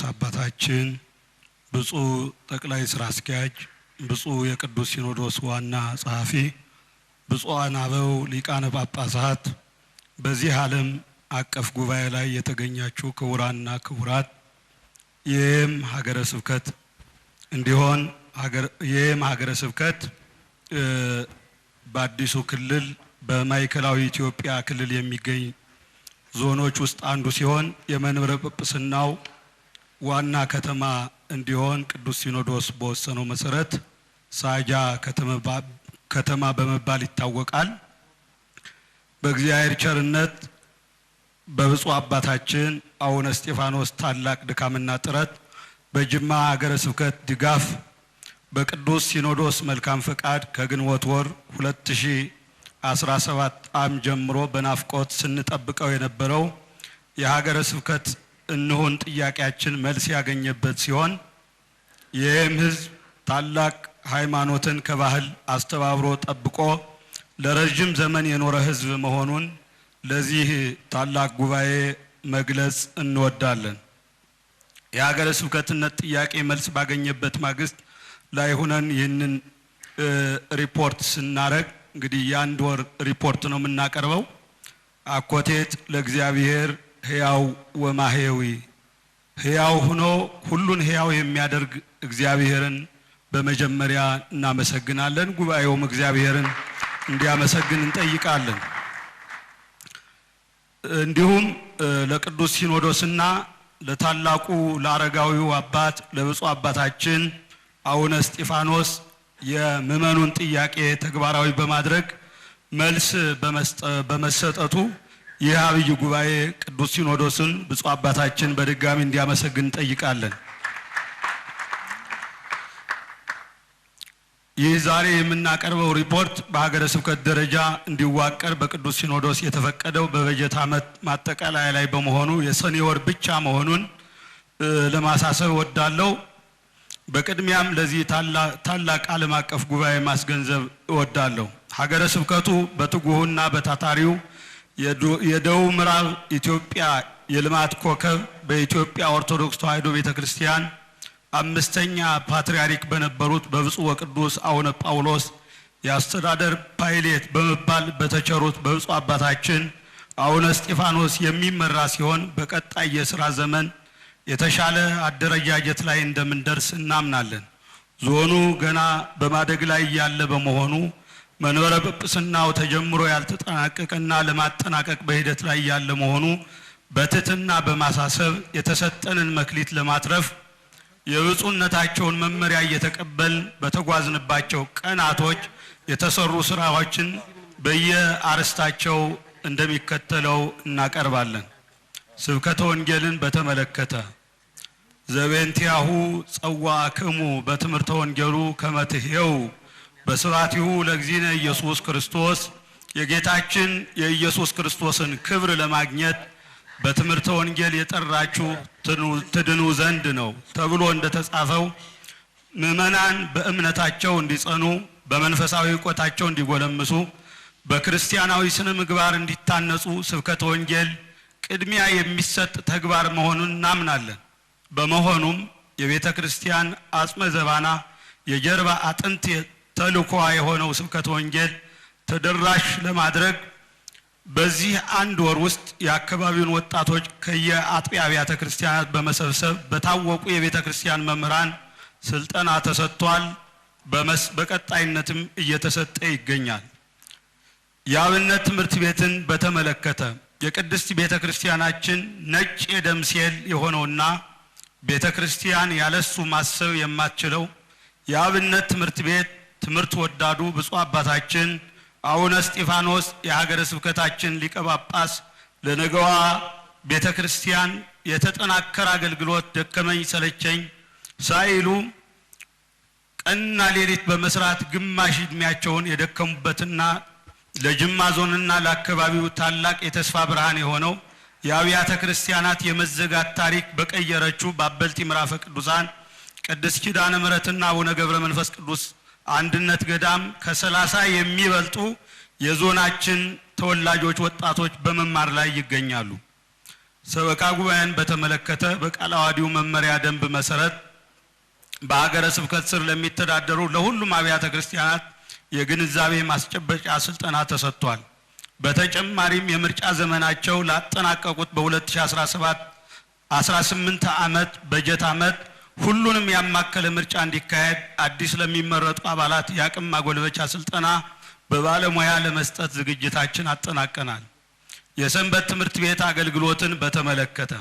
ቅዱስ አባታችን ብፁዕ ጠቅላይ ስራ አስኪያጅ፣ ብፁዕ የቅዱስ ሲኖዶስ ዋና ጸሐፊ፣ ብፁዓን አበው ሊቃነ ጳጳሳት፣ በዚህ ዓለም አቀፍ ጉባኤ ላይ የተገኛችሁ ክቡራንና ክቡራት፣ ይህም ሀገረ ስብከት እንዲሆን ይህም ሀገረ ስብከት በአዲሱ ክልል በማዕከላዊ ኢትዮጵያ ክልል የሚገኝ ዞኖች ውስጥ አንዱ ሲሆን የመንበረ ጵጵስናው ዋና ከተማ እንዲሆን ቅዱስ ሲኖዶስ በወሰነው መሰረት ሳጃ ከተማ በመባል ይታወቃል። በእግዚአብሔር ቸርነት በብፁዕ አባታችን አቡነ እስጢፋኖስ ታላቅ ድካምና ጥረት በጅማ ሀገረ ስብከት ድጋፍ በቅዱስ ሲኖዶስ መልካም ፈቃድ ከግንቦት ወር 2017 ዓ.ም ጀምሮ በናፍቆት ስንጠብቀው የነበረው የሀገረ ስብከት እነሆን ጥያቄያችን መልስ ያገኘበት ሲሆን ይህም ህዝብ ታላቅ ሃይማኖትን ከባህል አስተባብሮ ጠብቆ ለረዥም ዘመን የኖረ ህዝብ መሆኑን ለዚህ ታላቅ ጉባኤ መግለጽ እንወዳለን። የሀገረ ስብከትነት ጥያቄ መልስ ባገኘበት ማግስት ላይ ሁነን ይህንን ሪፖርት ስናደርግ እንግዲህ የአንድ ወር ሪፖርት ነው የምናቀርበው። አኮቴት ለእግዚአብሔር ሕያው ወማሕየዊ ሕያው ሆኖ ሁሉን ሕያው የሚያደርግ እግዚአብሔርን በመጀመሪያ እናመሰግናለን። ጉባኤውም እግዚአብሔርን እንዲያመሰግን እንጠይቃለን። እንዲሁም ለቅዱስ ሲኖዶስና ለታላቁ ለአረጋዊው አባት ለብፁ አባታችን አቡነ እስጢፋኖስ የምዕመኑን ጥያቄ ተግባራዊ በማድረግ መልስ በመሰጠቱ ይህ አብይ ጉባኤ ቅዱስ ሲኖዶስን ብፁዕ አባታችን በድጋሚ እንዲያመሰግን እንጠይቃለን። ይህ ዛሬ የምናቀርበው ሪፖርት በሀገረ ስብከት ደረጃ እንዲዋቀር በቅዱስ ሲኖዶስ የተፈቀደው በበጀት ዓመት ማጠቃለያ ላይ በመሆኑ የሰኔ ወር ብቻ መሆኑን ለማሳሰብ እወዳለሁ። በቅድሚያም ለዚህ ታላቅ ዓለም አቀፍ ጉባኤ ማስገንዘብ እወዳለሁ። ሀገረ ስብከቱ በትጉህና በታታሪው የደቡብ ምዕራብ ኢትዮጵያ የልማት ኮከብ በኢትዮጵያ ኦርቶዶክስ ተዋሕዶ ቤተ ክርስቲያን አምስተኛ ፓትርያርክ በነበሩት በብፁዕ ወቅዱስ አቡነ ጳውሎስ የአስተዳደር ፓይሌት በመባል በተቸሩት በብፁዕ አባታችን አቡነ እስጢፋኖስ የሚመራ ሲሆን በቀጣይ የስራ ዘመን የተሻለ አደረጃጀት ላይ እንደምንደርስ እናምናለን። ዞኑ ገና በማደግ ላይ ያለ በመሆኑ መንበረ ጵጵስናው ተጀምሮ ያልተጠናቀቀና ለማጠናቀቅ በሂደት ላይ ያለ መሆኑ በትህትና በማሳሰብ የተሰጠንን መክሊት ለማትረፍ የብፁዕነታቸውን መመሪያ እየተቀበልን በተጓዝንባቸው ቀናቶች የተሰሩ ስራዎችን በየአርስታቸው እንደሚከተለው እናቀርባለን። ስብከተ ወንጌልን በተመለከተ ዘቤንቲያሁ ጸዋ ክሙ በትምህርተ ወንጌሉ ከመትሄው በስብሐት ለእግዚእነ ኢየሱስ ክርስቶስ የጌታችን የኢየሱስ ክርስቶስን ክብር ለማግኘት በትምህርተ ወንጌል የጠራችሁ ትድኑ ዘንድ ነው ተብሎ እንደተጻፈው ምእመናን በእምነታቸው እንዲጸኑ፣ በመንፈሳዊ ቆታቸው እንዲጎለምሱ፣ በክርስቲያናዊ ስነ ምግባር እንዲታነጹ ስብከተ ወንጌል ቅድሚያ የሚሰጥ ተግባር መሆኑን እናምናለን። በመሆኑም የቤተ ክርስቲያን አጽመ ዘባና የጀርባ አጥንት ተልእኮዋ የሆነው ስብከተ ወንጌል ተደራሽ ለማድረግ በዚህ አንድ ወር ውስጥ የአካባቢውን ወጣቶች ከየአጥቢያ አብያተ ክርስቲያናት በመሰብሰብ በታወቁ የቤተ ክርስቲያን መምህራን ስልጠና ተሰጥቷል። በቀጣይነትም እየተሰጠ ይገኛል። የአብነት ትምህርት ቤትን በተመለከተ የቅድስት ቤተ ክርስቲያናችን ነጭ የደም ሴል የሆነውና ቤተ ክርስቲያን ያለሱ ማሰብ የማትችለው የአብነት ትምህርት ቤት ትምህርት ወዳዱ ብፁዕ አባታችን አቡነ እስጢፋኖስ የሀገረ ስብከታችን ሊቀ ጳጳስ ለነገዋ ቤተ ክርስቲያን የተጠናከረ አገልግሎት ደከመኝ ሰለቸኝ ሳይሉ ቀንና ሌሊት በመስራት ግማሽ እድሜያቸውን የደከሙበትና ለጅማ ዞንና ለአካባቢው ታላቅ የተስፋ ብርሃን የሆነው የአብያተ ክርስቲያናት የመዘጋት ታሪክ በቀየረችው በአበልቲ ምዕራፈ ቅዱሳን ቅድስት ኪዳነ ምሕረትና አቡነ ገብረ መንፈስ ቅዱስ አንድነት ገዳም ከሰላሳ የሚበልጡ የዞናችን ተወላጆች ወጣቶች በመማር ላይ ይገኛሉ። ሰበካ ጉባኤን በተመለከተ በቃለ ዓዋዲው መመሪያ ደንብ መሰረት በሀገረ ስብከት ስር ለሚተዳደሩ ለሁሉም አብያተ ክርስቲያናት የግንዛቤ ማስጨበጫ ስልጠና ተሰጥቷል። በተጨማሪም የምርጫ ዘመናቸው ላጠናቀቁት በ2017 18 ዓመት በጀት ዓመት ሁሉንም ያማከለ ምርጫ እንዲካሄድ አዲስ ለሚመረጡ አባላት የአቅም ማጎልበቻ ስልጠና በባለሙያ ለመስጠት ዝግጅታችን አጠናቀናል። የሰንበት ትምህርት ቤት አገልግሎትን በተመለከተ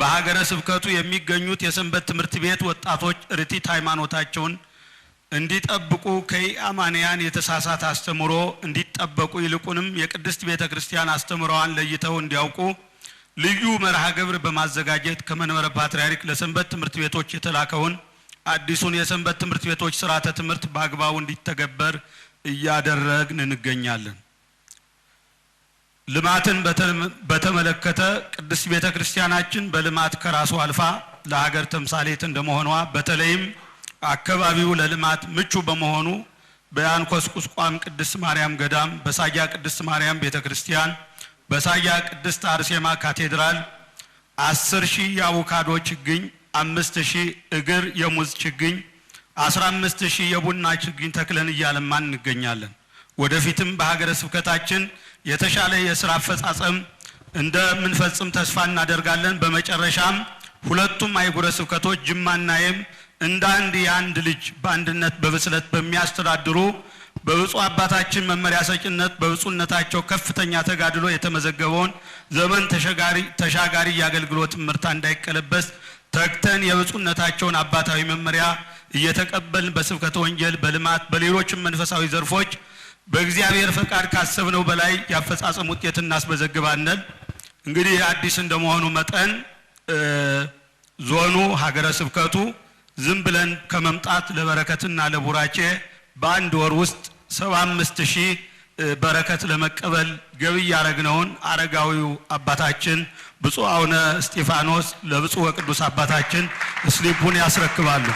በሀገረ ስብከቱ የሚገኙት የሰንበት ትምህርት ቤት ወጣቶች ርቲት ሃይማኖታቸውን እንዲጠብቁ ከኢአማንያን የተሳሳተ አስተምሮ እንዲጠበቁ ይልቁንም የቅድስት ቤተ ክርስቲያን አስተምሮዋን ለይተው እንዲያውቁ ልዩ መርሃ ግብር በማዘጋጀት ከመንበረ ፓትርያርክ ለሰንበት ትምህርት ቤቶች የተላከውን አዲሱን የሰንበት ትምህርት ቤቶች ስርዓተ ትምህርት በአግባቡ እንዲተገበር እያደረግን እንገኛለን። ልማትን በተመለከተ ቅድስት ቤተ ክርስቲያናችን በልማት ከራሱ አልፋ ለሀገር ተምሳሌት እንደመሆኗ በተለይም አካባቢው ለልማት ምቹ በመሆኑ በያንኮስ ቁስቋም ቅድስት ማርያም ገዳም፣ በሳጃ ቅድስት ማርያም ቤተ ክርስቲያን በሳያ ቅድስት አርሴማ ካቴድራል አስር ሺህ የአቮካዶ ችግኝ፣ አምስት ሺህ እግር የሙዝ ችግኝ፣ አስራ አምስት ሺህ የቡና ችግኝ ተክለን እያለማን እንገኛለን። ወደፊትም በሀገረ ስብከታችን የተሻለ የስራ አፈጻጸም እንደምንፈጽም ተስፋ እናደርጋለን። በመጨረሻም ሁለቱም አህጉረ ስብከቶች ጅማና የም እንደ አንድ የአንድ ልጅ በአንድነት በብስለት በሚያስተዳድሩ በብፁዕ አባታችን መመሪያ ሰጭነት በብፁዕነታቸው ከፍተኛ ተጋድሎ የተመዘገበውን ዘመን ተሻጋሪ የአገልግሎት ምርታ እንዳይቀለበስ ተግተን የብፁዕነታቸውን አባታዊ መመሪያ እየተቀበልን በስብከተ ወንጌል፣ በልማት፣ በሌሎችም መንፈሳዊ ዘርፎች በእግዚአብሔር ፈቃድ ካሰብነው በላይ ያፈጻጸም ውጤት እናስመዘግባለን። እንግዲህ አዲስ እንደመሆኑ መጠን ዞኑ ሀገረ ስብከቱ ዝም ብለን ከመምጣት ለበረከትና ለቡራቼ በአንድ ወር ውስጥ ሰባ አምስት ሺህ በረከት ለመቀበል ገቢ ያደረግነውን አረጋዊው አባታችን ብፁዕ አቡነ እስጢፋኖስ ለብፁዕ ወቅዱስ አባታችን ስሊፑን ያስረክባሉ።